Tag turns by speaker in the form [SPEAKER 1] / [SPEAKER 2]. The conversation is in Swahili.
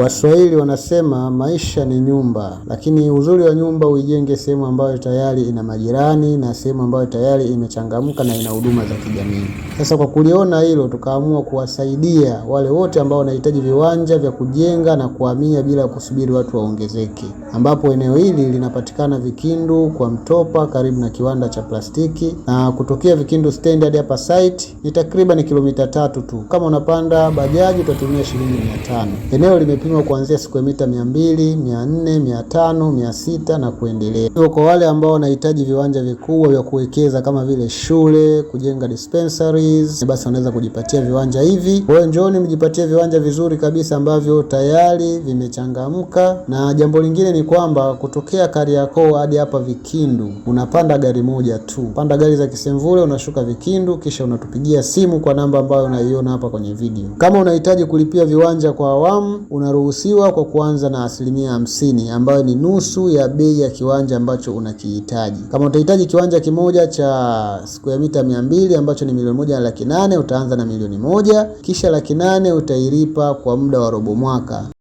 [SPEAKER 1] Waswahili wanasema maisha ni nyumba, lakini uzuri wa nyumba uijenge sehemu ambayo tayari ina majirani na sehemu ambayo tayari imechangamka na ina huduma za kijamii. Sasa kwa kuliona hilo, tukaamua kuwasaidia wale wote ambao wanahitaji viwanja vya kujenga na kuhamia bila kusubiri watu waongezeke, ambapo eneo hili linapatikana Vikindu kwa Mtopa, karibu na kiwanda cha plastiki, na kutokea Vikindu stendi hadi hapa site ni takriban kilomita tatu tu. Kama unapanda bajaji utatumia shilingi mia tano. Eneo limepi kupimiwa kuanzia siku ya mita 200, 400, 500, 600 na kuendelea. Kwa wale ambao wanahitaji viwanja vikubwa vya kuwekeza kama vile shule, kujenga dispensaries, basi wanaweza kujipatia viwanja hivi. Kwa hiyo njooni mjipatie viwanja vizuri kabisa ambavyo tayari vimechangamka. Na jambo lingine ni kwamba kutokea Kariakoo hadi hapa Vikindu unapanda gari moja tu, panda gari za Kisemvule unashuka Vikindu, kisha unatupigia simu kwa namba ambayo unaiona hapa kwenye video. Kama unahitaji kulipia viwanja kwa awamu una unaruhusiwa kwa kuanza na asilimia hamsini ambayo ni nusu ya bei ya kiwanja ambacho unakihitaji. Kama utahitaji kiwanja kimoja cha square mita mia mbili ambacho ni milioni moja na laki nane utaanza na milioni moja kisha laki nane utailipa kwa muda wa robo mwaka.